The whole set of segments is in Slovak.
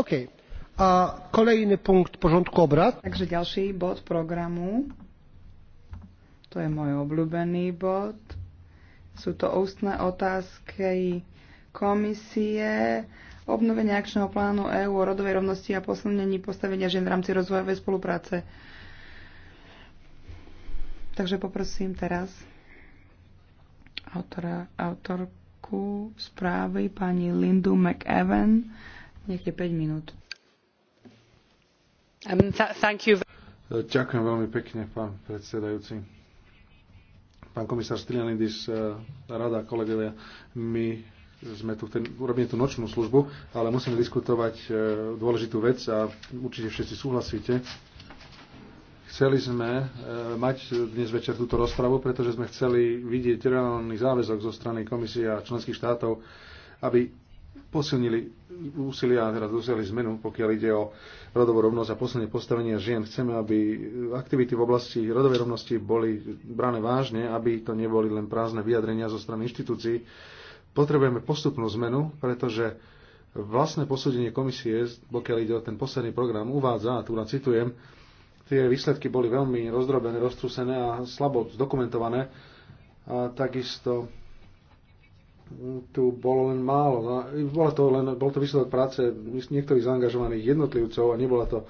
Okay. A kolejny punkt porządku obrad. Takže dalszy bod programu. To je mój obľúbený bod. Są to ustne otázky komisie obnovenie akčného plánu EÚ o rodovej rovnosti a posilnení postavenia žien v rámci rozvojovej spolupráce. Takže poprosím teraz autora, autorku správy pani Lindu McEwen, Niekde 5 minút. Um, th- Ďakujem veľmi pekne, pán predsedajúci. Pán komisár Stylianidis, eh, rada, kolegovia, my sme tu, ten, urobíme tú nočnú službu, ale musíme diskutovať eh, dôležitú vec a určite všetci súhlasíte. Chceli sme eh, mať dnes večer túto rozpravu, pretože sme chceli vidieť reálny záväzok zo strany komisie a členských štátov, aby posilnili úsilia, teraz dosiahli zmenu, pokiaľ ide o rodovú rovnosť a posledné postavenia žien. Chceme, aby aktivity v oblasti rodovej rovnosti boli brané vážne, aby to neboli len prázdne vyjadrenia zo strany inštitúcií. Potrebujeme postupnú zmenu, pretože vlastné posúdenie komisie, pokiaľ ide o ten posledný program, uvádza, a tu na citujem, tie výsledky boli veľmi rozdrobené, roztrúsené a slabo zdokumentované. A takisto tu bolo len málo. No, bolo to len, bol to výsledok práce niektorých zaangažovaných jednotlivcov a nebola to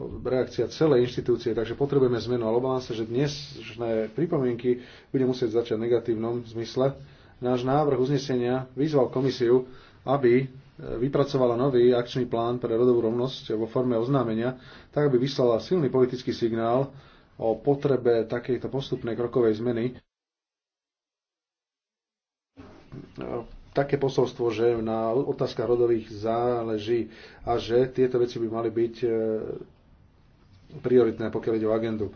reakcia celej inštitúcie, takže potrebujeme zmenu, ale obávam sa, že že pripomienky bude musieť začať v negatívnom zmysle. Náš návrh uznesenia vyzval komisiu, aby vypracovala nový akčný plán pre rodovú rovnosť vo forme oznámenia, tak aby vyslala silný politický signál o potrebe takejto postupnej krokovej zmeny. E, také posolstvo, že na otázkach rodových záleží a že tieto veci by mali byť e, prioritné, pokiaľ ide o agendu.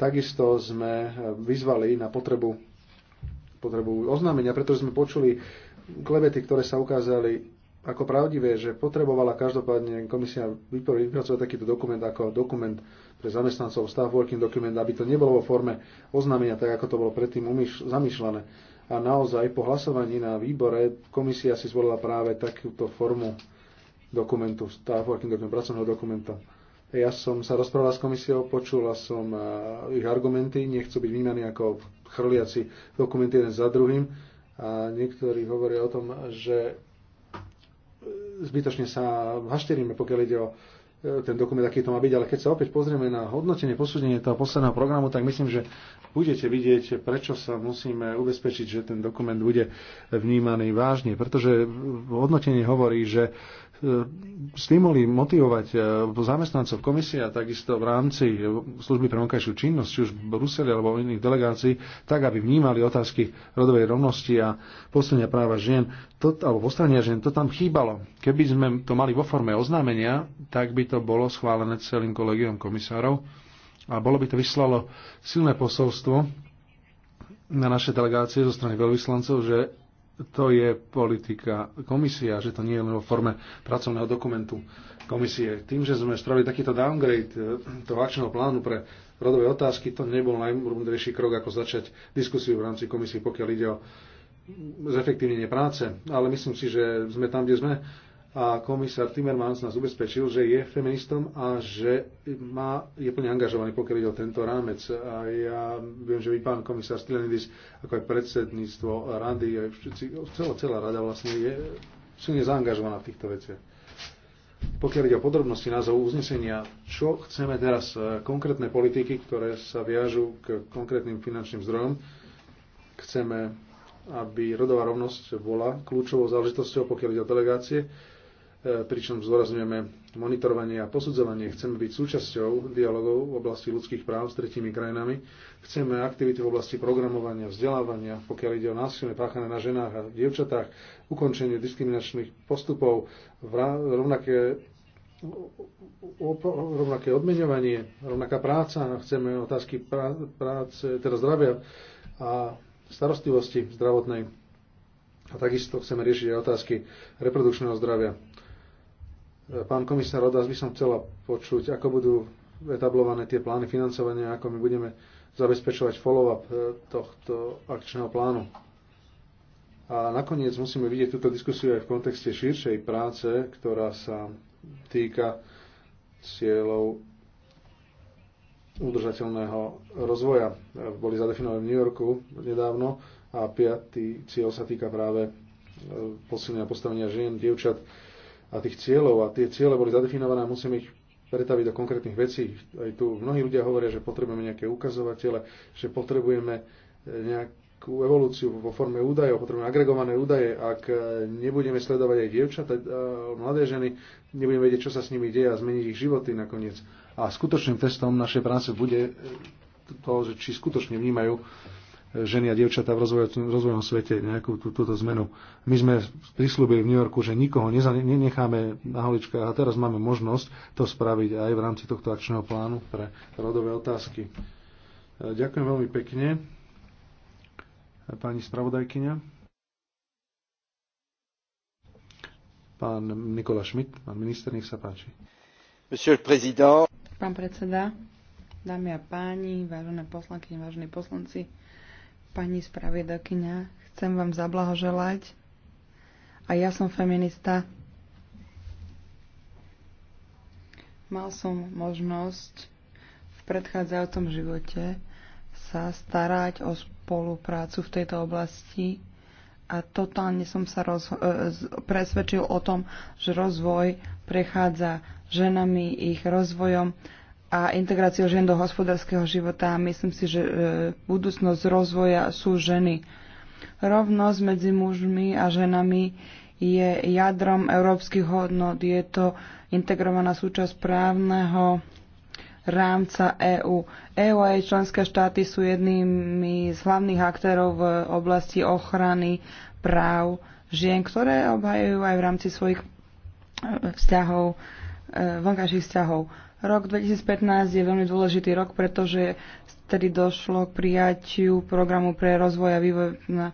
Takisto sme e, vyzvali na potrebu, potrebu oznámenia, pretože sme počuli klebety, ktoré sa ukázali ako pravdivé, že potrebovala každopádne komisia vypracovať takýto dokument ako dokument pre zamestnancov, staff working dokument, aby to nebolo vo forme oznámenia, tak ako to bolo predtým zamýšľané a naozaj po hlasovaní na výbore komisia si zvolila práve takúto formu dokumentu, pracovného dokumenta. Ja som sa rozprával s komisiou, počula som eh, ich argumenty, nechcú byť vnímaní ako chrliaci dokumenty jeden za druhým. A niektorí hovoria o tom, že eh, zbytočne sa hašteríme, pokiaľ ide o E, ten dokument, aký to má byť, ale keď sa opäť pozrieme na hodnotenie, posúdenie toho posledného programu, tak myslím, že budete vidieť, prečo sa musíme ubezpečiť, že ten dokument bude vnímaný vážne. Pretože hodnotenie hovorí, že E, stimuli motivovať e, zamestnancov komisia, takisto v rámci služby pre vonkajšiu činnosť, či už v Bruseli alebo v iných delegácií, tak, aby vnímali otázky rodovej rovnosti a postavenia práva žien, to, alebo postavenia žien, to tam chýbalo. Keby sme to mali vo forme oznámenia, tak by to bolo schválené celým kolegiom komisárov a bolo by to vyslalo silné posolstvo na naše delegácie zo strany veľvyslancov, že to je politika komisia, že to nie je len vo forme pracovného dokumentu komisie. Tým, že sme spravili takýto downgrade eh, toho akčného plánu pre rodové otázky, to nebol najmúdrejší krok, ako začať diskusiu v rámci komisie, pokiaľ ide o zefektívnenie práce. Ale myslím si, že sme tam, kde sme a komisár Timmermans nás ubezpečil, že je feministom a že má, je plne angažovaný, pokiaľ ide o tento rámec. A ja viem, že vy, pán komisár Stylenidis, ako aj predsedníctvo rady, aj všetci, celá, celá rada vlastne je silne zaangažovaná v týchto veciach. Pokiaľ ide o podrobnosti názov uznesenia, čo chceme teraz, konkrétne politiky, ktoré sa viažú k konkrétnym finančným zdrojom, chceme aby rodová rovnosť bola kľúčovou záležitosťou, pokiaľ ide o delegácie E, pričom zdôrazňujeme monitorovanie a posudzovanie. Chceme byť súčasťou dialogov v oblasti ľudských práv s tretími krajinami. Chceme aktivity v oblasti programovania, vzdelávania, pokiaľ ide o násilné páchané na ženách a dievčatách, ukončenie diskriminačných postupov, rovnaké rovnaké odmeňovanie, rovnaká práca, chceme otázky práce, teda zdravia a starostlivosti zdravotnej. A takisto chceme riešiť aj otázky reprodukčného zdravia. Pán komisár od vás by som chcela počuť, ako budú etablované tie plány financovania, ako my budeme zabezpečovať follow-up eh, tohto akčného plánu. A nakoniec musíme vidieť túto diskusiu aj v kontexte širšej práce, ktorá sa týka cieľov udržateľného rozvoja. Boli zadefinované v New Yorku nedávno a piatý cieľ sa týka práve eh, posilnenia postavenia žien, dievčat, a tých cieľov a tie ciele boli zadefinované a musíme ich pretaviť do konkrétnych vecí. Aj tu mnohí ľudia hovoria, že potrebujeme nejaké ukazovatele, že potrebujeme e, nejakú evolúciu vo forme údajov, potrebujeme agregované údaje. Ak e, nebudeme sledovať aj dievčatá, e, mladé ženy, nebudeme vedieť, čo sa s nimi deje a zmeniť ich životy nakoniec. A skutočným testom našej práce bude to, že či skutočne vnímajú ženy a dievčatá v rozvojom svete nejakú tú, túto zmenu. My sme prislúbili v New Yorku, že nikoho nenecháme na holička a teraz máme možnosť to spraviť aj v rámci tohto akčného plánu pre rodové otázky. E, ďakujem veľmi pekne. Pani spravodajkyňa. Pán Nikola Šmit, pán minister, nech sa páči. Pán predseda, dámy a páni, vážené poslanky, vážení poslanci, Pani spravedokyňa, chcem vám zablahoželať. A ja som feminista. Mal som možnosť v predchádzajúcom živote sa starať o spoluprácu v tejto oblasti a totálne som sa roz, e, presvedčil o tom, že rozvoj prechádza ženami, ich rozvojom a integráciou žien do hospodárskeho života. Myslím si, že e, budúcnosť rozvoja sú ženy. Rovnosť medzi mužmi a ženami je jadrom európskych hodnot. Je to integrovaná súčasť právneho rámca EÚ. EÚ a jej členské štáty sú jednými z hlavných aktérov v oblasti ochrany práv žien, ktoré obhajujú aj v rámci svojich e, vzťahov, e, vonkajších vzťahov. Rok 2015 je veľmi dôležitý rok, pretože vtedy došlo k prijatiu programu pre rozvoj a vývoj na,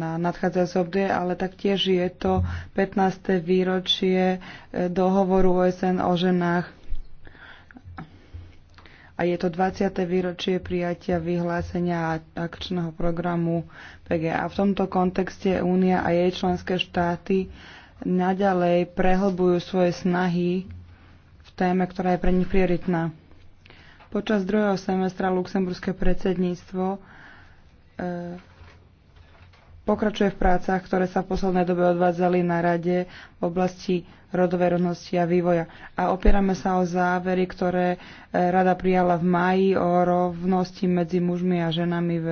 na nadchádzajúce obdobie, ale taktiež je to 15. výročie e, dohovoru OSN o ženách a je to 20. výročie prijatia vyhlásenia akčného programu PGA. V tomto kontexte Únia a jej členské štáty naďalej prehlbujú svoje snahy téme, ktorá je pre nich prioritná. Počas druhého semestra luxemburské predsedníctvo e, pokračuje v prácach, ktoré sa v poslednej dobe odvádzali na rade v oblasti rodovej rovnosti a vývoja. A opierame sa o závery, ktoré e, rada prijala v maji o rovnosti medzi mužmi a ženami v,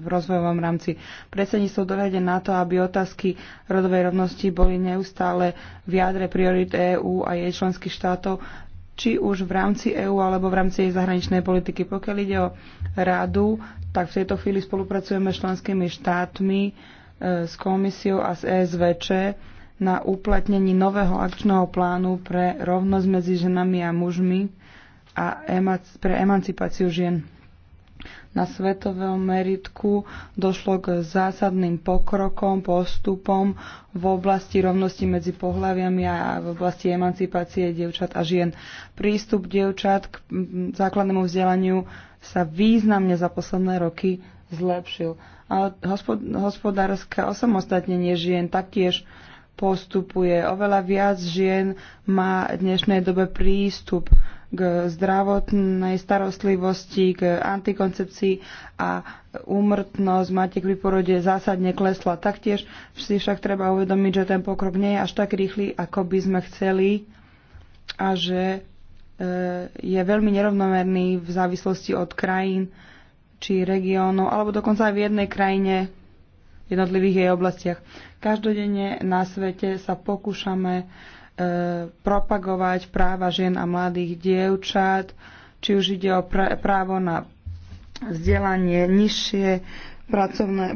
rozvojovom rámci. Predsedníctvo dohľade na to, aby otázky rodovej rovnosti boli neustále v jadre priorit EÚ a jej členských štátov či už v rámci EÚ alebo v rámci jej zahraničnej politiky. Pokiaľ ide o radu, tak v tejto chvíli spolupracujeme s členskými štátmi, e, s komisiou a s ESVČ na uplatnení nového akčného plánu pre rovnosť medzi ženami a mužmi a pre emancipáciu žien na svetovom meritku došlo k zásadným pokrokom, postupom v oblasti rovnosti medzi pohľaviami a v oblasti emancipácie dievčat a žien. Prístup dievčat k základnému vzdelaniu sa významne za posledné roky zlepšil. A hospodárske osamostatnenie žien taktiež postupuje. Oveľa viac žien má v dnešnej dobe prístup k zdravotnej starostlivosti, k antikoncepcii a úmrtnosť matiek pri porode zásadne klesla. Taktiež si však treba uvedomiť, že ten pokrok nie je až tak rýchly, ako by sme chceli a že e, je veľmi nerovnomerný v závislosti od krajín či regiónov, alebo dokonca aj v jednej krajine v jednotlivých jej oblastiach. Každodenne na svete sa pokúšame propagovať práva žien a mladých dievčat, či už ide o právo na vzdelanie nižšie, pracovné,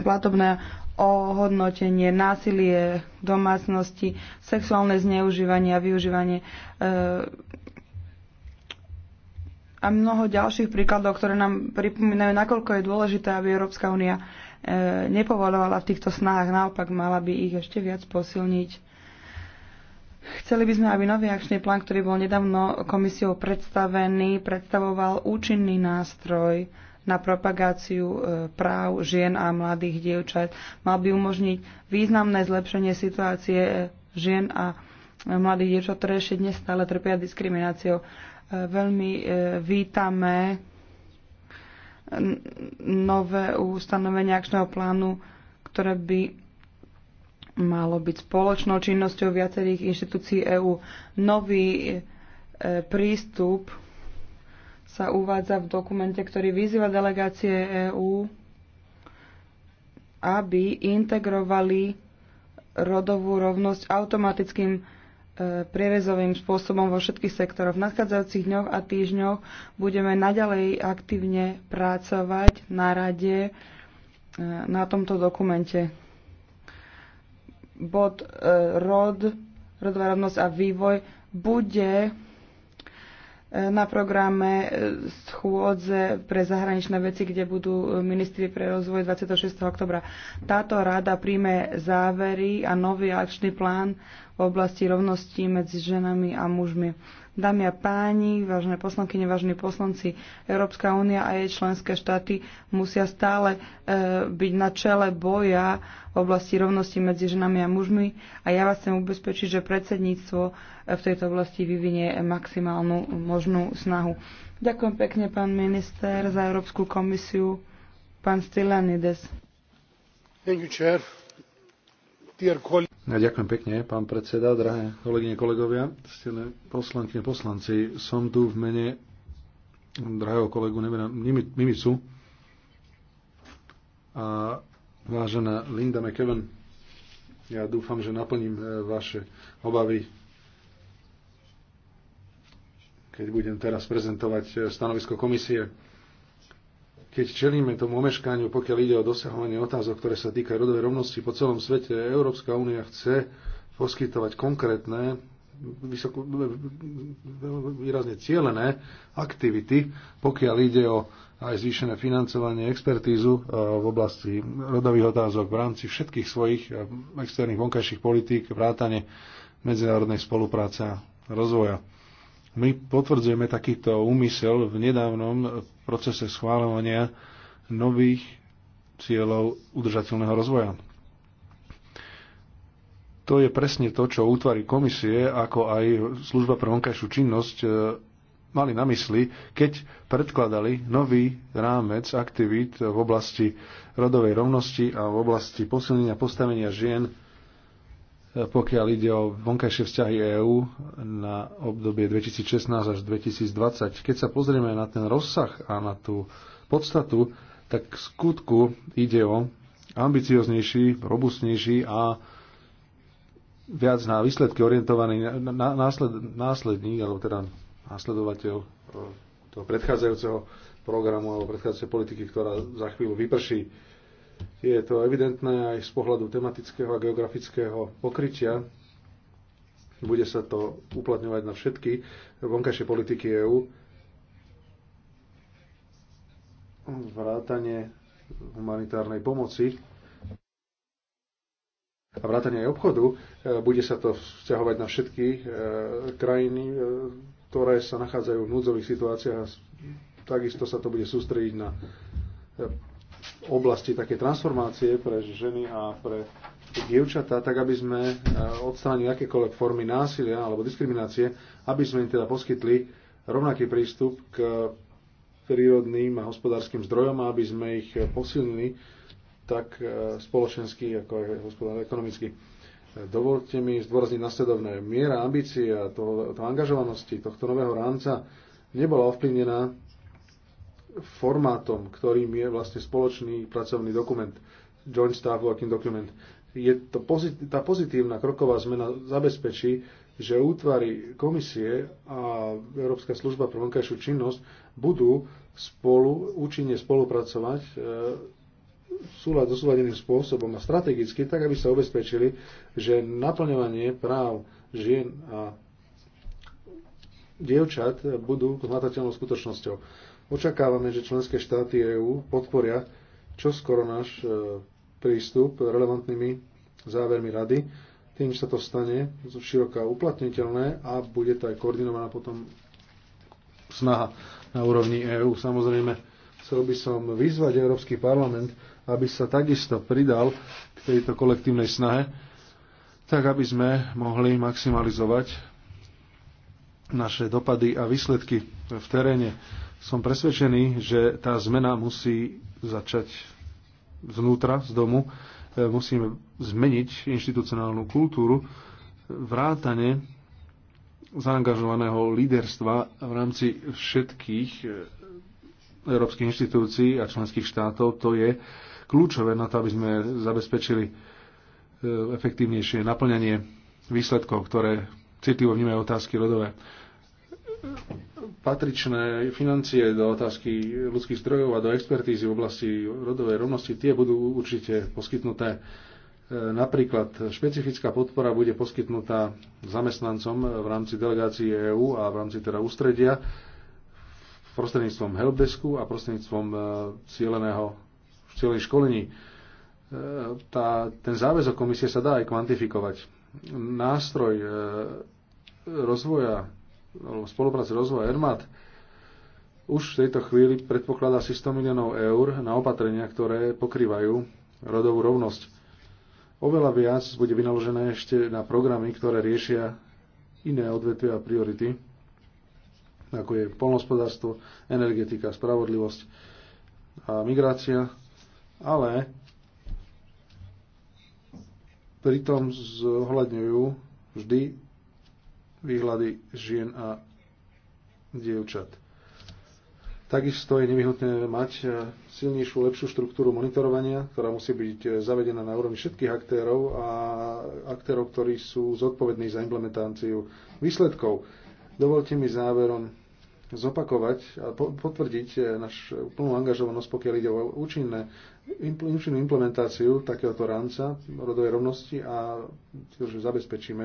platobné ohodnotenie, násilie v domácnosti, sexuálne zneužívanie a využívanie e, a mnoho ďalších príkladov, ktoré nám pripomínajú, nakoľko je dôležité, aby Európska únia e, eh, nepovolovala v týchto snahách, naopak mala by ich ešte viac posilniť. Chceli by sme, aby nový akčný plán, ktorý bol nedávno komisiou predstavený, predstavoval účinný nástroj na propagáciu e, práv žien a mladých dievčat. Mal by umožniť významné zlepšenie situácie e, žien a e, mladých dievčat, ktoré ešte dnes stále trpia diskrimináciou. Veľmi vítame nové ustanovenia akčného plánu, ktoré by malo byť spoločnou činnosťou viacerých inštitúcií EÚ. Nový e, prístup sa uvádza v dokumente, ktorý vyzýva delegácie EÚ, aby integrovali rodovú rovnosť automatickým e, prierezovým spôsobom vo všetkých sektoroch. V nadchádzajúcich dňoch a týždňoch budeme naďalej aktívne pracovať na rade e, na tomto dokumente bod e, rod, rodová rovnosť a vývoj bude e, na programe e, schôdze pre zahraničné veci, kde budú ministri pre rozvoj 26. oktobra. Táto rada príjme závery a nový akčný plán v oblasti rovnosti medzi ženami a mužmi. Dámy a páni, vážne poslanky, vážni poslanci, Európska únia a jej členské štáty musia stále e, byť na čele boja v oblasti rovnosti medzi ženami a mužmi a ja vás chcem ubezpečiť, že predsedníctvo e, v tejto oblasti vyvinie maximálnu možnú snahu. Ďakujem pekne, pán minister, za Európsku komisiu, pán Stylianides. Thank you, chair. Ďakujem pekne, pán predseda, drahé kolegyne, kolegovia, poslanky poslankyne, poslanci. Som tu v mene drahého kolegu Nemena Mimicu a vážená Linda McKeven. Ja dúfam, že naplním e, vaše obavy, keď budem teraz prezentovať e, stanovisko komisie keď čelíme tomu omeškaniu, pokiaľ ide o dosahovanie otázok, ktoré sa týkajú rodovej rovnosti po celom svete, Európska únia chce poskytovať konkrétne, vysoko, výrazne cieľené aktivity, pokiaľ ide o aj zvýšené financovanie, expertízu e, v oblasti rodových otázok v rámci všetkých svojich e, externých vonkajších politík, vrátane medzinárodnej spolupráce a rozvoja. My potvrdzujeme takýto úmysel v nedávnom procese schváľovania nových cieľov udržateľného rozvoja. To je presne to, čo útvary komisie, ako aj služba pre vonkajšiu činnosť e, mali na mysli, keď predkladali nový rámec aktivít v oblasti rodovej rovnosti a v oblasti posilnenia postavenia žien pokiaľ ide o vonkajšie vzťahy EÚ na obdobie 2016 až 2020. Keď sa pozrieme na ten rozsah a na tú podstatu, tak v skutku ide o ambicioznejší, robustnejší a viac na výsledky orientovaný násled, následník, alebo teda následovateľ e, toho predchádzajúceho programu alebo predchádzajúcej politiky, ktorá za chvíľu vyprší je to evidentné aj z pohľadu tematického a geografického pokrytia. Bude sa to uplatňovať na všetky vonkajšie politiky EÚ. Vrátanie humanitárnej pomoci a vrátanie aj obchodu, e, bude sa to vzťahovať na všetky e, krajiny, e, ktoré sa nachádzajú v núdzových situáciách a takisto sa to bude sústrediť na oblasti také transformácie pre ženy a pre dievčatá, tak aby sme e, odstránili akékoľvek formy násilia alebo diskriminácie, aby sme im teda poskytli rovnaký prístup k prírodným a hospodárskym zdrojom a aby sme ich posilnili tak e, spoločensky ako aj ekonomicky. Dovolte mi zdôrazniť nasledovné. Miera ambície a toho, toho angažovanosti tohto nového rámca nebola ovplyvnená formátom, ktorým je vlastne spoločný pracovný dokument, Joint Staff Working Document. Je to pozit- tá pozitívna kroková zmena zabezpečí, že útvary komisie a Európska služba pre vonkajšiu činnosť budú spolu, účinne spolupracovať súľad, e, súľadeným spôsobom a strategicky, tak aby sa ubezpečili, že naplňovanie práv žien a dievčat budú hľadateľnou skutočnosťou Očakávame, že členské štáty EÚ podporia čoskoro náš e, prístup relevantnými závermi rady. Tým, že sa to stane široká uplatniteľné a bude to aj koordinovaná potom snaha na úrovni EÚ. Samozrejme, chcel by som vyzvať Európsky parlament, aby sa takisto pridal k tejto kolektívnej snahe, tak aby sme mohli maximalizovať naše dopady a výsledky v teréne som presvedčený, že tá zmena musí začať vnútra, z domu. E, musíme zmeniť inštitucionálnu kultúru, vrátane zaangažovaného líderstva v rámci všetkých e, európskych inštitúcií a členských štátov. To je kľúčové na to, aby sme zabezpečili e, efektívnejšie naplňanie výsledkov, ktoré citlivo vnímajú otázky rodové patričné financie do otázky ľudských zdrojov a do expertízy v oblasti rodovej rovnosti, tie budú určite poskytnuté. E, napríklad špecifická podpora bude poskytnutá zamestnancom v rámci delegácií EÚ a v rámci teda ústredia prostredníctvom helpdesku a prostredníctvom e, cieľeného cieľnej školení. E, tá, ten záväzok komisie sa dá aj kvantifikovať. Nástroj rozvoja spolupráci rozvoja Ermat už v tejto chvíli predpokladá si 100 miliónov eur na opatrenia, ktoré pokrývajú rodovú rovnosť. Oveľa viac bude vynaložené ešte na programy, ktoré riešia iné odvetvia a priority, ako je polnospodárstvo, energetika, spravodlivosť a migrácia, ale pritom zohľadňujú vždy výhľady žien a dievčat. Takisto je nevyhnutné mať e, silnejšiu, lepšiu štruktúru monitorovania, ktorá musí byť e, zavedená na úrovni všetkých aktérov a aktérov, ktorí sú zodpovední za implementáciu výsledkov. Dovolte mi záverom zopakovať a potvrdiť e, našu plnú angažovanosť, pokiaľ ide o účinné, účinnú implementáciu takéhoto rámca rodovej rovnosti a tiež zabezpečíme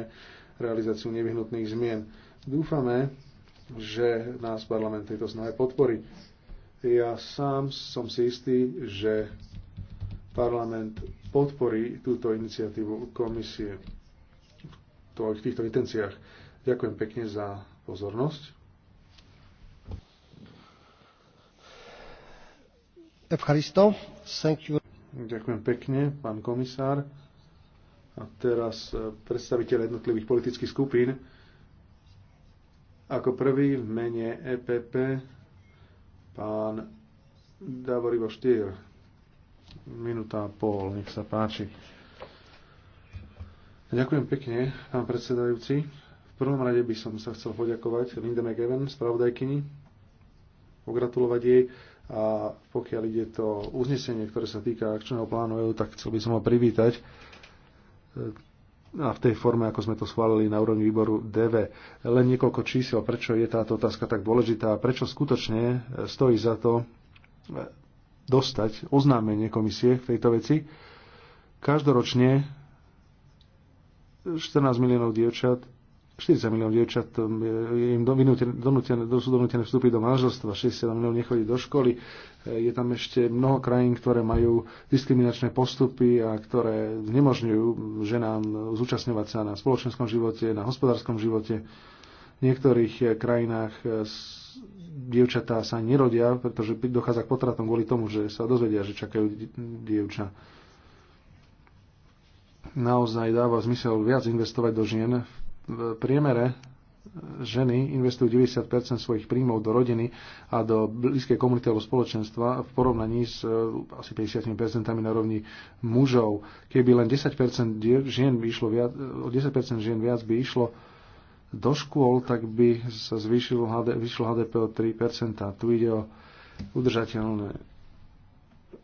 realizáciu nevyhnutných zmien. Dúfame, že nás parlament tejto snahe podporí. Ja sám som si istý, že parlament podporí túto iniciatívu komisie v týchto intenciách. Ďakujem pekne za pozornosť. Ďakujem pekne, pán komisár a teraz e, predstaviteľ jednotlivých politických skupín. Ako prvý v mene EPP pán Davorivo Štýr. Minúta a pol, nech sa páči. Ďakujem pekne, pán predsedajúci. V prvom rade by som sa chcel poďakovať Linde McEwen, spravodajkyni, pogratulovať jej a pokiaľ ide to uznesenie, ktoré sa týka akčného plánu EU, tak chcel by som ho privítať a v tej forme, ako sme to schválili na úrovni výboru DV. Len niekoľko čísel, prečo je táto otázka tak dôležitá a prečo skutočne stojí za to e, dostať oznámenie komisie v tejto veci. Každoročne 14 miliónov dievčat 40 miliónov dievčat um, je im donútené, sú donútené vstúpiť do manželstva, 60 miliónov nechodí do školy. E, je tam ešte mnoho krajín, ktoré majú diskriminačné postupy a ktoré znemožňujú ženám zúčastňovať sa na spoločenskom živote, na hospodárskom živote. V niektorých e, krajinách e, dievčatá sa nerodia, pretože dochádza k potratom kvôli tomu, že sa dozvedia, že čakajú dievča naozaj dáva zmysel viac investovať do žien v v priemere ženy investujú 90 svojich príjmov do rodiny a do blízkej komunity alebo spoločenstva v porovnaní s e, asi 50 na rovni mužov. Keby len 10 žien by išlo viac, e, o 10 žien viac by išlo do škôl, tak by sa zvýšilo HD, vyšlo HDP o 3 Tu ide o udržateľný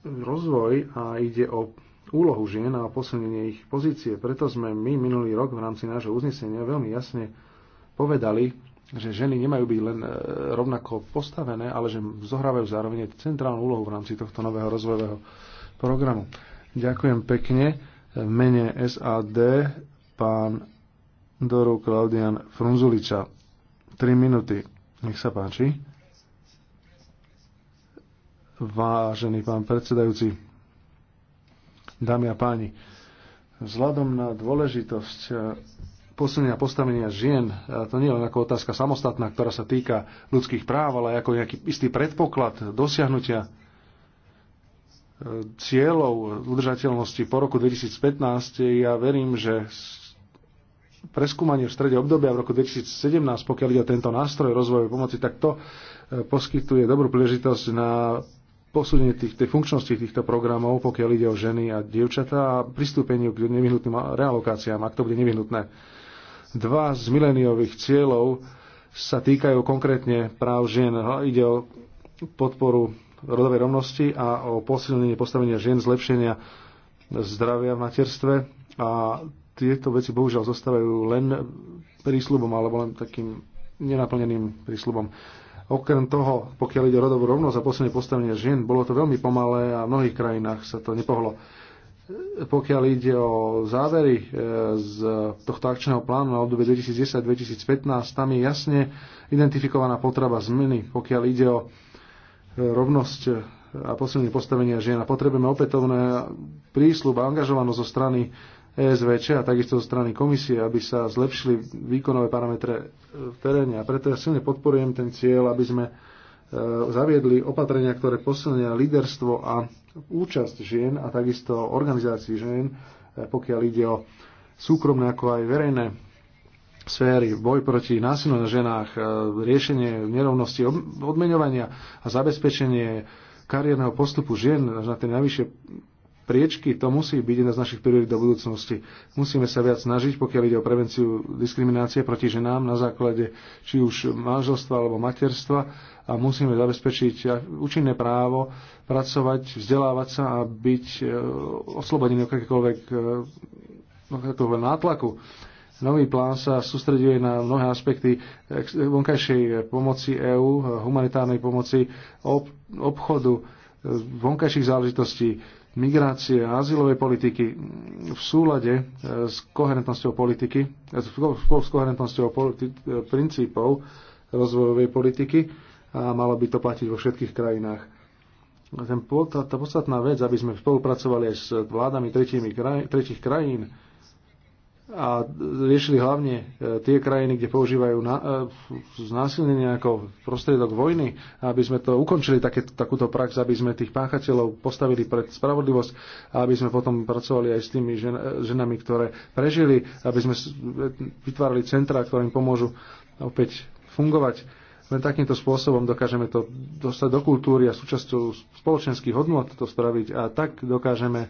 rozvoj a ide o úlohu žien a posilnenie ich pozície. Preto sme my minulý rok v rámci nášho uznesenia veľmi jasne povedali, že ženy nemajú byť len e, rovnako postavené, ale že zohrávajú zároveň centrálnu úlohu v rámci tohto nového rozvojového programu. Ďakujem pekne. E, v mene SAD pán Doru Klaudian Frunzuliča. Tri minúty. Nech sa páči. Vážený pán predsedajúci, Dámy a páni, vzhľadom na dôležitosť eh, posunenia postavenia žien, to nie je len ako otázka samostatná, ktorá sa týka ľudských práv, ale ako nejaký istý predpoklad dosiahnutia eh, cieľov udržateľnosti po roku 2015. Ja verím, že preskúmanie v strede obdobia v roku 2017, pokiaľ ide o tento nástroj rozvojovej pomoci, tak to eh, poskytuje dobrú príležitosť na posúdenie tých, tej funkčnosti týchto programov, pokiaľ ide o ženy a dievčatá a pristúpeniu k nevyhnutným realokáciám, ak to bude nevyhnutné. Dva z mileniových cieľov sa týkajú konkrétne práv žien. Ide o podporu rodovej rovnosti a o posilnenie postavenia žien, zlepšenia zdravia v materstve a tieto veci bohužiaľ zostávajú len prísľubom alebo len takým nenaplneným prísľubom. Okrem toho, pokiaľ ide o rodovú rovnosť a posledné postavenie žien, bolo to veľmi pomalé a v mnohých krajinách sa to nepohlo. Pokiaľ ide o závery e, z tohto akčného plánu na obdobie 2010-2015, tam je jasne identifikovaná potreba zmeny, pokiaľ ide o e, rovnosť e, a posilnenie postavenia žien. A potrebujeme opätovné prísľub a angažovanosť zo strany ESVČ a takisto zo strany komisie, aby sa zlepšili výkonové parametre e, v teréne. A preto ja silne podporujem ten cieľ, aby sme e, zaviedli opatrenia, ktoré posilnia líderstvo a účasť žien a takisto organizácií žien, e, pokiaľ ide o súkromné ako aj verejné sféry, boj proti násilu na ženách, riešenie nerovnosti odmeňovania a zabezpečenie kariérneho postupu žien na tie najvyššie priečky, to musí byť jedna z našich priorít do budúcnosti. Musíme sa viac snažiť, pokiaľ ide o prevenciu diskriminácie proti ženám na základe či už manželstva alebo materstva a musíme zabezpečiť účinné právo pracovať, vzdelávať sa a byť e, oslobodený e, od akékoľvek nátlaku. Nový plán sa sústreduje na mnohé aspekty vonkajšej pomoci EÚ, humanitárnej pomoci, obchodu, e, vonkajších záležitostí, migrácie a azylovej politiky v súlade eh, s koherentnosťou politiky, eh, s koherentnosťou politi- eh, princípov rozvojovej politiky a malo by to platiť vo všetkých krajinách. Ten, tá, tá podstatná vec, aby sme spolupracovali aj s vládami tretími, kraj, krajín, a riešili hlavne e, tie krajiny, kde používajú na, e, znásilnenie ako prostriedok vojny, aby sme to ukončili také, takúto prax, aby sme tých páchateľov postavili pred spravodlivosť a aby sme potom pracovali aj s tými žen, ženami, ktoré prežili, aby sme vytvárali centra, ktoré im pomôžu opäť fungovať. Len takýmto spôsobom dokážeme to dostať do kultúry a súčasťou spoločenských hodnot to spraviť a tak dokážeme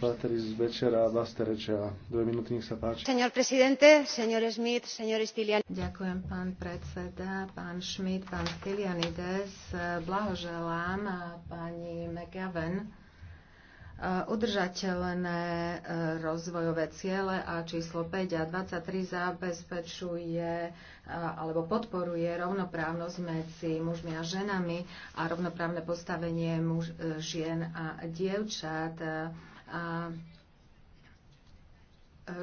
Patrice Bečera a Bastereča. Dve minúty, nech sa páči. Señor presidente, señor Smith, señor Stylian. Ďakujem, pán predseda, pán Schmidt, pán Stylianides. Blahoželám pani McGavin e, udržateľné e, rozvojové ciele a číslo 5 a 23 zabezpečuje e, alebo podporuje rovnoprávnosť medzi mužmi a ženami a rovnoprávne postavenie muž, žien a dievčat a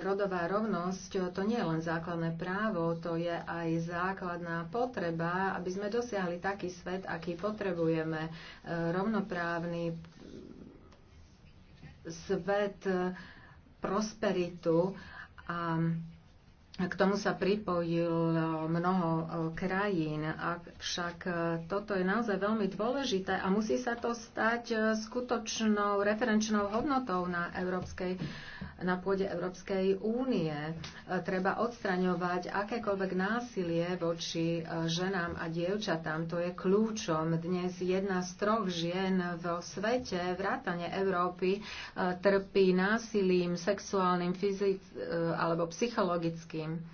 rodová rovnosť to nie je len základné právo, to je aj základná potreba, aby sme dosiahli taký svet, aký potrebujeme. E, rovnoprávny svet prosperitu a k tomu sa pripojil e, mnoho e, krajín, však e, toto je naozaj veľmi dôležité a musí sa to stať skutočnou referenčnou hodnotou na, európskej, na pôde Európskej únie. Treba odstraňovať akékoľvek násilie voči ženám a dievčatám. To je kľúčom. Dnes jedna z troch žien vo svete, vrátane Európy, trpí násilím sexuálnym, fyzickým alebo psychologickým predovšetkým.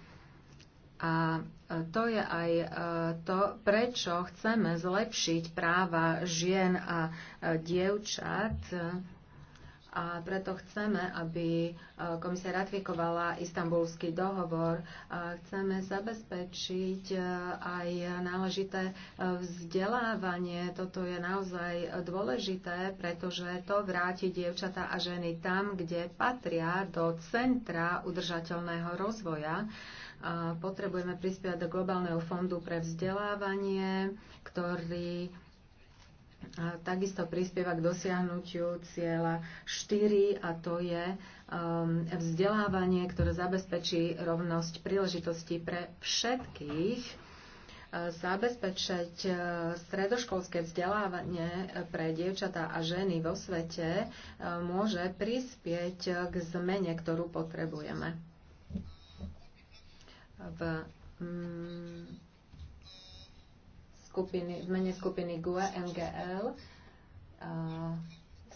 A e, to je aj e, to, prečo chceme zlepšiť práva žien a e, dievčat a preto chceme, aby e, komisia ratifikovala istambulský dohovor. E, chceme zabezpečiť e, aj náležité vzdelávanie. Toto je naozaj dôležité, pretože to vráti dievčatá a ženy tam, kde patria do centra udržateľného rozvoja. Potrebujeme prispievať do Globálneho fondu pre vzdelávanie, ktorý a takisto prispieva k dosiahnutiu cieľa 4 a to je um, vzdelávanie, ktoré zabezpečí rovnosť príležitostí pre všetkých e, zabezpečiť e, stredoškolské vzdelávanie pre dievčatá a ženy vo svete e, môže prispieť k zmene, ktorú potrebujeme. V mm, skupiny, v mene skupiny GUE NGL uh,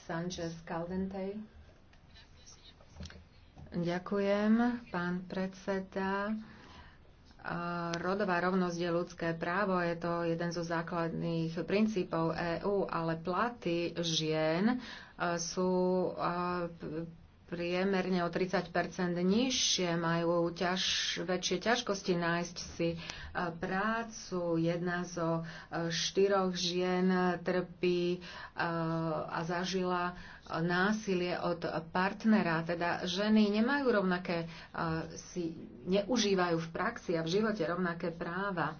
Sanchez Caldente. Ďakujem, pán predseda. Rodová rovnosť je ľudské právo, je to jeden zo základných princípov EÚ, ale platy žien sú priemerne o 30 nižšie, majú ťaž, väčšie ťažkosti nájsť si e, prácu. Jedna zo e, štyroch žien trpí e, a zažila násilie od partnera. Teda ženy nemajú rovnaké, si neužívajú v praxi a v živote rovnaké práva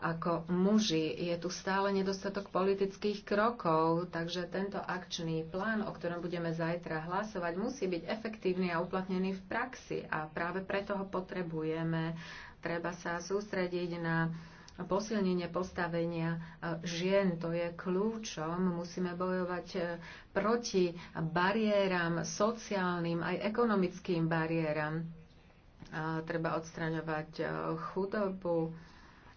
ako muži. Je tu stále nedostatok politických krokov, takže tento akčný plán, o ktorom budeme zajtra hlasovať, musí byť efektívny a uplatnený v praxi a práve preto ho potrebujeme. Treba sa sústrediť na posilnenie postavenia e, žien, to je kľúčom. Musíme bojovať e, proti bariéram, sociálnym aj ekonomickým bariéram. Treba odstraňovať e, chudobu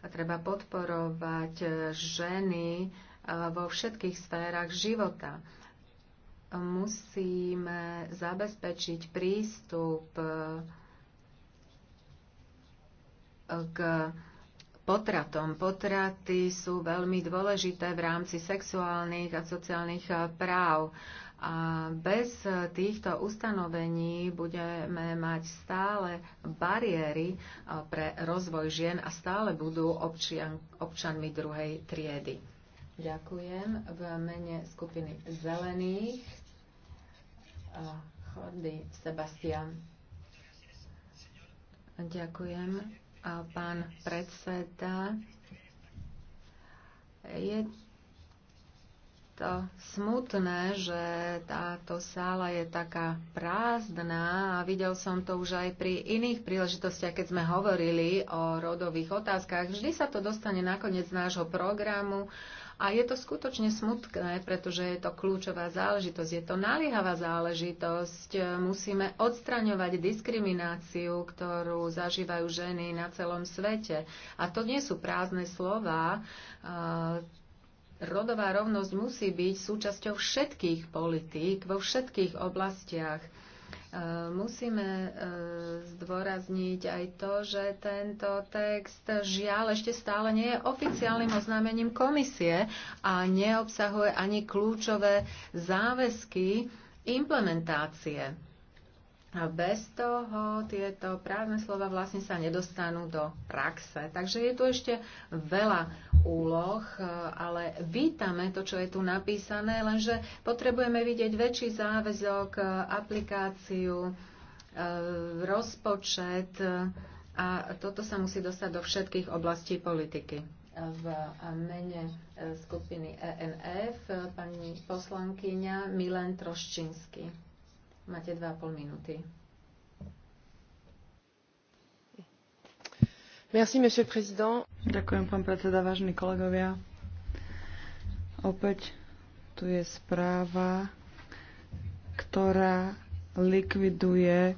treba podporovať e, ženy e, vo všetkých sférach života. Musíme zabezpečiť prístup e, k potratom. Potraty sú veľmi dôležité v rámci sexuálnych a sociálnych práv. A bez týchto ustanovení budeme mať stále bariéry e, pre rozvoj žien a stále budú občian, občanmi druhej triedy. Ďakujem v mene skupiny zelených. chodí e, Sebastian. Ďakujem, pán predseda. Je to smutné, že táto sála je taká prázdna a videl som to už aj pri iných príležitostiach, keď sme hovorili o rodových otázkach. Vždy sa to dostane nakoniec nášho programu a je to skutočne smutné, pretože je to kľúčová záležitosť, je to naliehavá záležitosť. Musíme odstraňovať diskrimináciu, ktorú zažívajú ženy na celom svete. A to nie sú prázdne slova rodová rovnosť musí byť súčasťou všetkých politík vo všetkých oblastiach. E, musíme e, zdôrazniť aj to, že tento text žiaľ ešte stále nie je oficiálnym oznámením komisie a neobsahuje ani kľúčové záväzky implementácie a bez toho tieto právne slova vlastne sa nedostanú do praxe. Takže je tu ešte veľa úloh, ale vítame to, čo je tu napísané, lenže potrebujeme vidieť väčší záväzok, aplikáciu, e, rozpočet e, a toto sa musí dostať do všetkých oblastí politiky. V mene e, skupiny ENF pani poslankyňa Milen Troščinsky. Máte 2,5 minúty. Merci, monsieur le président. Ďakujem, pán predseda, vážení kolegovia. Opäť tu je správa, ktorá likviduje e,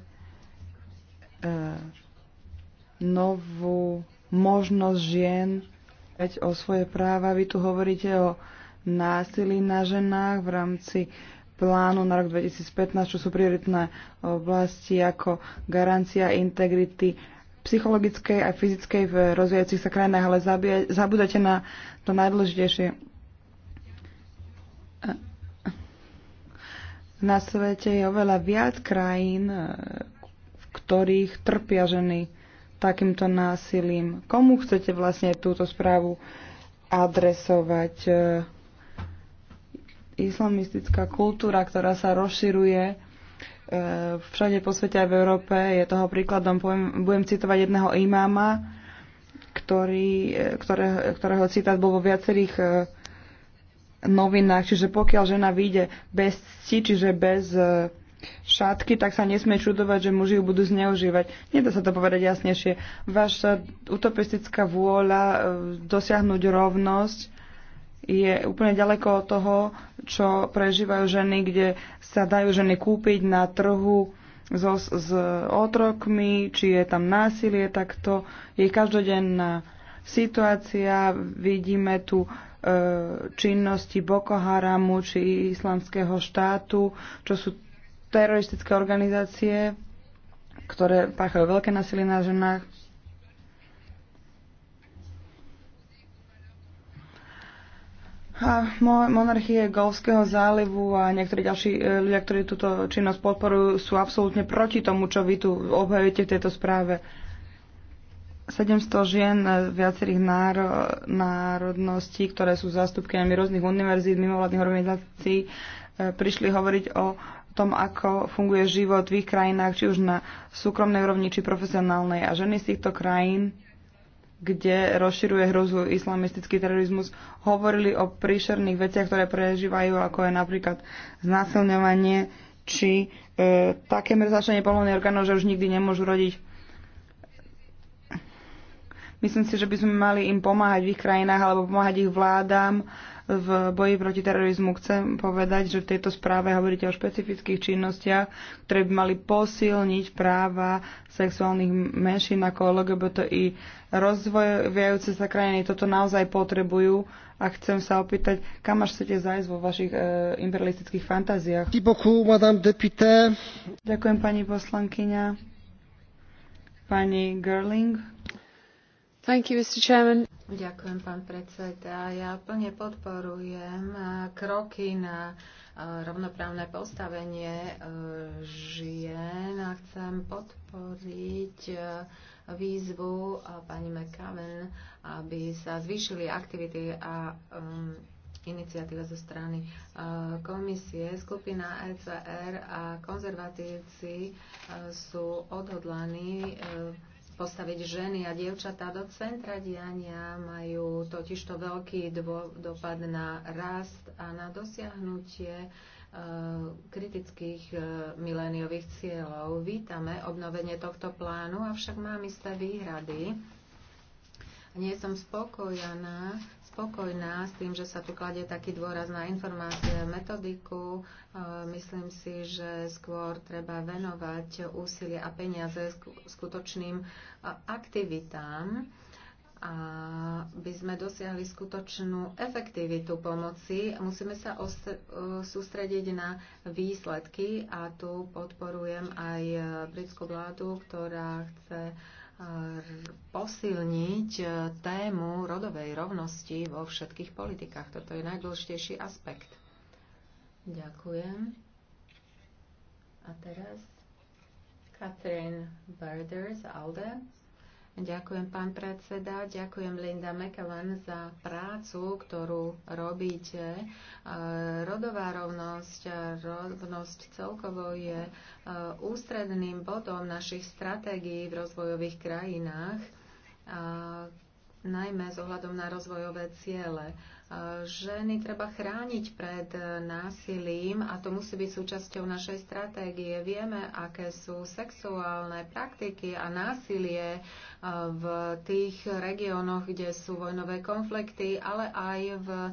novú možnosť žien o svoje práva. Vy tu hovoríte o násilí na ženách v rámci plánu na rok 2015, čo sú prioritné oblasti ako garancia integrity psychologickej a fyzickej v rozvíjajúcich sa krajinách, ale zabudete na to najdôležitejšie. Na svete je oveľa viac krajín, v ktorých trpia ženy takýmto násilím. Komu chcete vlastne túto správu adresovať? islamistická kultúra, ktorá sa rozširuje e, všade po svete aj v Európe. Je toho príkladom, poviem, budem citovať jedného imáma, ktorý, e, ktoré, ktorého citát bol vo viacerých e, novinách. Čiže pokiaľ žena vyjde bez cti, čiže bez šatky, tak sa nesmie čudovať, že muži ju budú zneužívať. Nedá sa to povedať jasnejšie. Vaša utopistická vôľa dosiahnuť rovnosť je úplne ďaleko od toho, čo prežívajú ženy, kde sa dajú ženy kúpiť na trhu so, s otrokmi, či je tam násilie, tak to je každodenná situácia. Vidíme tu e, činnosti Boko Haramu či islamského štátu, čo sú teroristické organizácie, ktoré páchajú veľké násilie na ženách A monarchie Golfského zálivu a niektorí ďalší e, ľudia, ktorí túto činnosť podporujú, sú absolútne proti tomu, čo vy tu obhajujete v tejto správe. 700 žien e, viacerých náro- národností, ktoré sú zástupkami rôznych univerzít, mimovládnych organizácií, e, prišli hovoriť o tom, ako funguje život v ich krajinách, či už na súkromnej úrovni, či profesionálnej. A ženy z týchto krajín kde rozširuje hrozu islamistický terorizmus, hovorili o príšerných veciach, ktoré prežívajú, ako je napríklad znásilňovanie či e, také mrzačenie polovných orgánov, že už nikdy nemôžu rodiť. Myslím si, že by sme mali im pomáhať v ich krajinách alebo pomáhať ich vládám v boji proti terorizmu. Chcem povedať, že v tejto správe hovoríte o špecifických činnostiach, ktoré by mali posilniť práva sexuálnych menšín ako LGBTI. Rozvojajúce sa krajiny toto naozaj potrebujú a chcem sa opýtať, kam až chcete zajsť vo vašich e, imperialistických fantáziách. Ďakujem pani poslankyňa. Pani Gerling. Thank you, Mr. Chairman. Ďakujem, pán predseda. Ja plne podporujem kroky na rovnoprávne postavenie e, žien a chcem podporiť e, výzvu pani McCaven, aby sa zvýšili aktivity a um, iniciatíva zo strany uh, komisie. Skupina ECR a konzervatívci uh, sú odhodlaní uh, postaviť ženy a dievčatá do centra diania. Majú totižto veľký dvo- dopad na rast a na dosiahnutie e, kritických e, miléniových cieľov. Vítame obnovenie tohto plánu, avšak mám isté výhrady. Nie som spokojná spokojná s tým, že sa tu kladie taký dôraz na informácie, metodiku. E, myslím si, že skôr treba venovať úsilie a peniaze skutočným e, aktivitám aby sme dosiahli skutočnú efektivitu pomoci, musíme sa e, sústrediť na výsledky a tu podporujem aj britskú vládu, ktorá chce uh, posilniť e, tému rodovej rovnosti vo všetkých politikách. Toto je najdôležitejší aspekt. Ďakujem. A teraz Katrin Berder z ALDE. Ďakujem, pán predseda. Ďakujem, Linda McKellen, za prácu, ktorú robíte. E, rodová rovnosť, e, rovnosť celkovo je e, ústredným bodom našich stratégií v rozvojových krajinách, najmä s ohľadom na rozvojové ciele. Ženy treba chrániť pred násilím a to musí byť súčasťou našej stratégie. Vieme, aké sú sexuálne praktiky a násilie eh, v tých regiónoch, kde sú vojnové konflikty, ale aj v eh,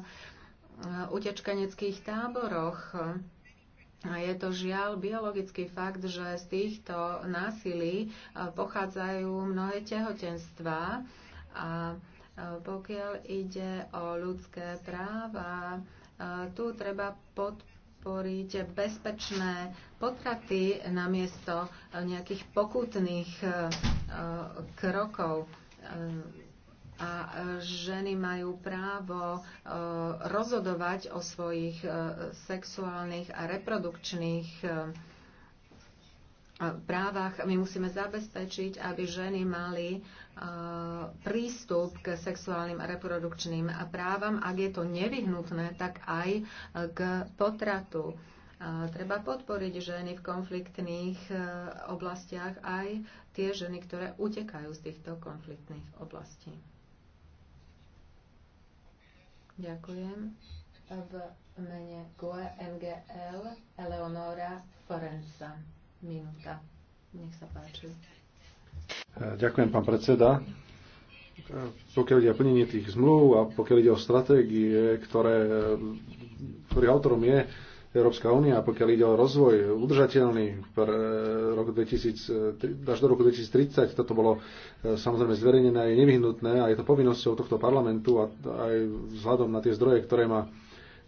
utečkaneckých táboroch. A je to žiaľ biologický fakt, že z týchto násilí eh, pochádzajú mnohé tehotenstvá a E, pokiaľ ide o ľudské práva, e, tu treba podporiť bezpečné potraty namiesto e, nejakých pokutných krokov a ženy majú právo rozhodovať o svojich sexuálnych a reprodukčných právach my musíme zabezpečiť, aby ženy mali e, prístup k sexuálnym a reprodukčným právam. Ak je to nevyhnutné, tak aj e, k potratu. E, treba podporiť ženy v konfliktných oblastiach aj tie ženy, ktoré utekajú z týchto konfliktných oblastí. Ďakujem. V mene GOE NGL Eleonora Forensa. Minúta. Nech sa páči. E, ďakujem, pán predseda. E, pokiaľ ide o plnenie tých zmluv a pokiaľ ide o stratégie, ktoré, e, ktorý autorom je Európska únia, a pokiaľ ide o rozvoj udržateľný pre rok 2000, až do roku 2030, toto bolo samozrejme zverejnené, je nevyhnutné a je to povinnosťou tohto parlamentu a aj vzhľadom na tie zdroje, ktoré má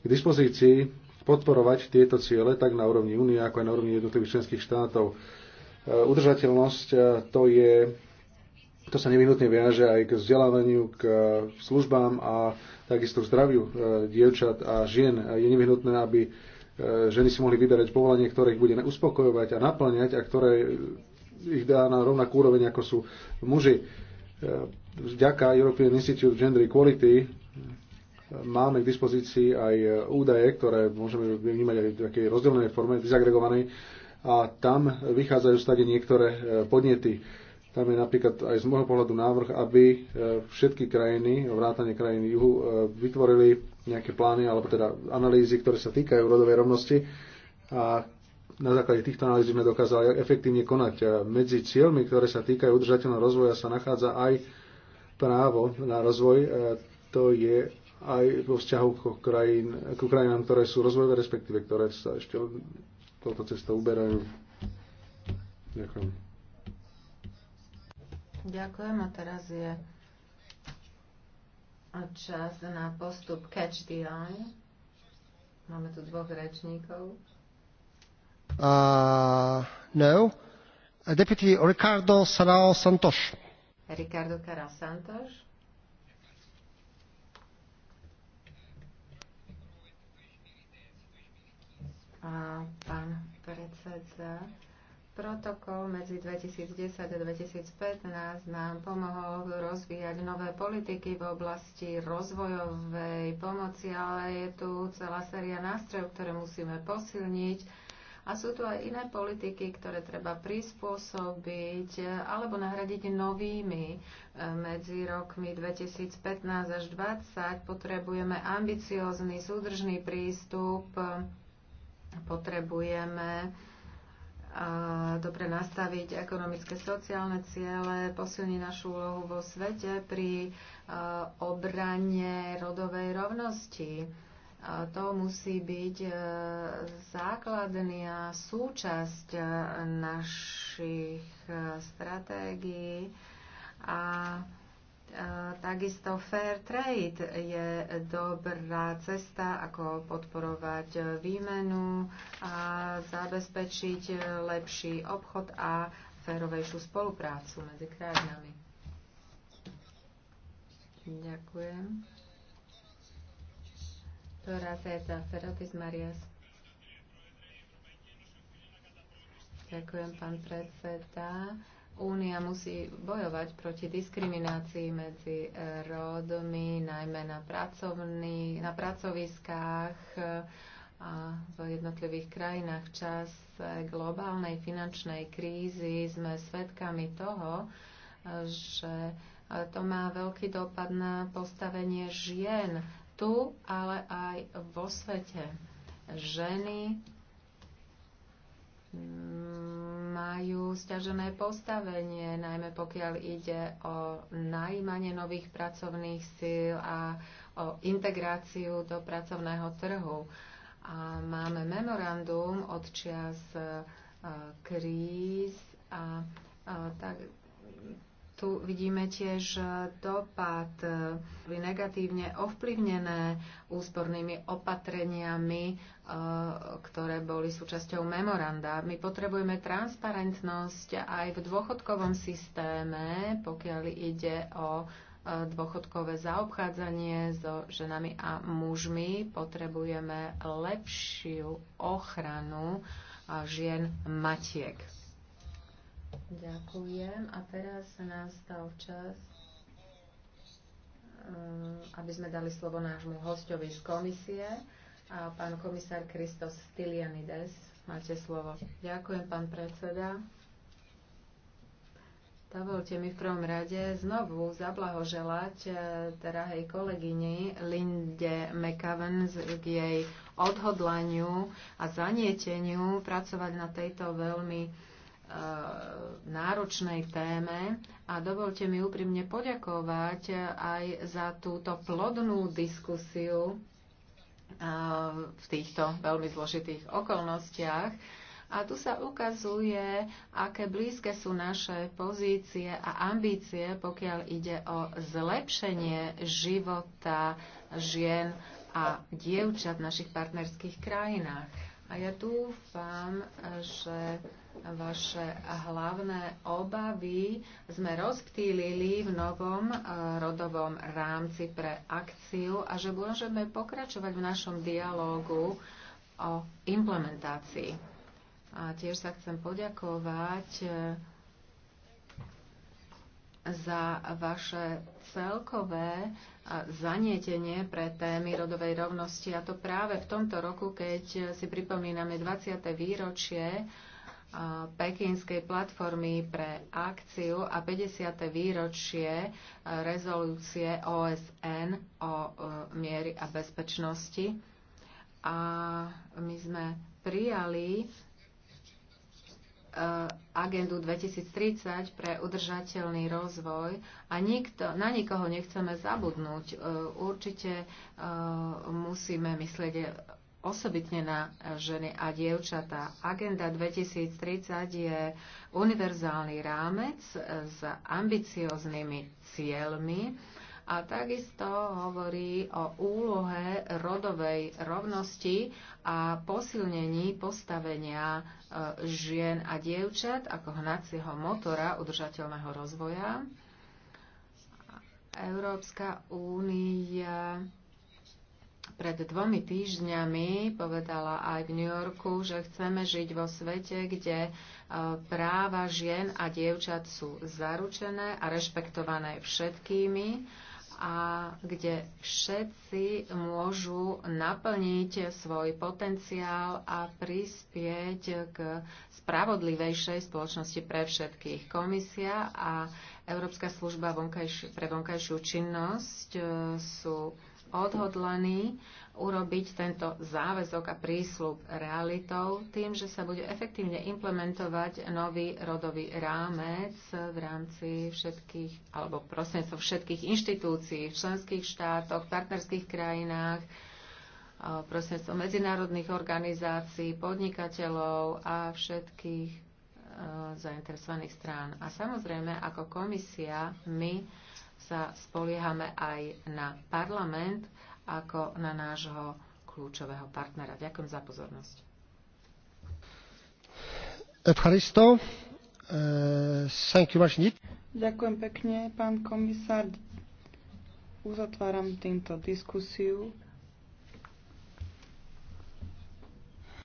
k dispozícii podporovať tieto ciele tak na úrovni únie, ako aj na úrovni jednotlivých členských štátov. E, udržateľnosť e, to je to sa nevyhnutne viaže aj k vzdelávaniu, k e, službám a takisto k zdraviu dievčat a žien. Je nevyhnutné, aby ženy si mohli vyberať povolanie, ktoré ich bude uspokojovať a naplňať a ktoré ich dá na rovnakú úroveň, ako sú muži. Vďaka European Institute of Gender Equality máme k dispozícii aj e, údaje, ktoré môžeme vnímať aj v takej rozdelenej forme, dizagregovanej, a tam vychádzajú stade niektoré e, podnety. Tam je napríklad aj z môjho pohľadu návrh, aby e, všetky krajiny, vrátane krajiny juhu, vytvorili nejaké plány alebo teda analýzy, ktoré sa týkajú rodovej rovnosti a na základe týchto analýz sme dokázali efektívne konať. Medzi cieľmi, ktoré sa týkajú udržateľného rozvoja, sa nachádza aj právo na rozvoj. To je aj vo vzťahu k, krajín, k krajinám, ktoré sú rozvojové, respektíve ktoré sa ešte touto cestou uberajú. Ďakujem. Ďakujem a teraz je čas na postup Catch the Eye. Máme tu dvoch rečníkov. Uh, no. Uh, Deputy Ricardo Sarao Santos. Ricardo Carao Santos. a pán predseda. Protokol medzi 2010 a 2015 nám pomohol rozvíjať nové politiky v oblasti rozvojovej pomoci, ale je tu celá séria nástrojov, ktoré musíme posilniť. A sú tu aj iné politiky, ktoré treba prispôsobiť alebo nahradiť novými. Medzi rokmi 2015 až 2020 potrebujeme ambiciózny, súdržný prístup Potrebujeme dobre nastaviť ekonomické sociálne ciele, posilniť našu úlohu vo svete pri obrane rodovej rovnosti. To musí byť e, základný a súčasť e, našich e, stratégií a Takisto fair trade je dobrá cesta, ako podporovať výmenu a zabezpečiť lepší obchod a férovejšiu spoluprácu medzi krajinami. Ďakujem. Dorazeta Ferotis Marias. Ďakujem, pán predseda. Únia musí bojovať proti diskriminácii medzi e, rodmi, najmä na, pracovný, na pracoviskách e, a v jednotlivých krajinách. V čase globálnej finančnej krízy sme svedkami toho, e, že to má veľký dopad na postavenie žien tu, ale aj vo svete. Ženy majú sťažené postavenie, najmä pokiaľ ide o najímanie nových pracovných síl a o integráciu do pracovného trhu. A máme memorandum od čias eh, kríz a, a eh, tak, tu vidíme tiež dopad, e, boli negatívne ovplyvnené úspornými opatreniami, e, ktoré boli súčasťou memoranda. My potrebujeme transparentnosť aj v dôchodkovom systéme, pokiaľ ide o e, dôchodkové zaobchádzanie so ženami a mužmi. Potrebujeme lepšiu ochranu žien matiek. Ďakujem. A teraz nastal čas, eh, aby sme dali slovo nášmu hostovi z komisie. A pán komisár Kristos Stylianides, máte slovo. Ďakujem, pán predseda. Dovolte mi v prvom rade znovu zablahoželať eh, drahej kolegyni Linde McAven k jej odhodlaniu a zanieteniu pracovať na tejto veľmi náročnej téme a dovolte mi úprimne poďakovať aj za túto plodnú diskusiu v týchto veľmi zložitých okolnostiach. A tu sa ukazuje, aké blízke sú naše pozície a ambície, pokiaľ ide o zlepšenie života žien a dievčat v našich partnerských krajinách. A ja dúfam, že vaše hlavné obavy sme rozptýlili v novom eh, rodovom rámci pre akciu a že môžeme pokračovať v našom dialógu o implementácii. A tiež sa chcem poďakovať eh, za vaše celkové zanietenie pre témy rodovej rovnosti. A to práve v tomto roku, keď si pripomíname 20. výročie pekinskej platformy pre akciu a 50. výročie rezolúcie OSN o e, miery a bezpečnosti. A my sme prijali Eh, agendu 2030 pre udržateľný rozvoj a nikto, na nikoho nechceme zabudnúť. Eh, určite eh, musíme myslieť osobitne na ženy a dievčatá. Agenda 2030 je univerzálny rámec s ambicioznými cieľmi, a takisto hovorí o úlohe rodovej rovnosti a posilnení postavenia e, žien a dievčat ako hnacieho motora udržateľného rozvoja. Európska únia pred dvomi týždňami povedala aj v New Yorku, že chceme žiť vo svete, kde e, práva žien a dievčat sú zaručené a rešpektované všetkými a kde všetci môžu naplniť svoj potenciál a prispieť k spravodlivejšej spoločnosti pre všetkých. Komisia a Európska služba vonkajš- pre vonkajšiu činnosť e, sú odhodlaný urobiť tento záväzok a prísľub realitou tým, že sa bude efektívne implementovať nový rodový rámec v rámci všetkých, alebo prostredníctvom všetkých inštitúcií v členských štátoch, partnerských krajinách, prostredníctvom medzinárodných organizácií, podnikateľov a všetkých e, zainteresovaných strán. A samozrejme, ako komisia, my sa spoliehame aj na parlament ako na nášho kľúčového partnera. Ďakujem za pozornosť. Evcharisto. Eh, Ďakujem pekne, pán komisár. Uzatváram týmto diskusiu.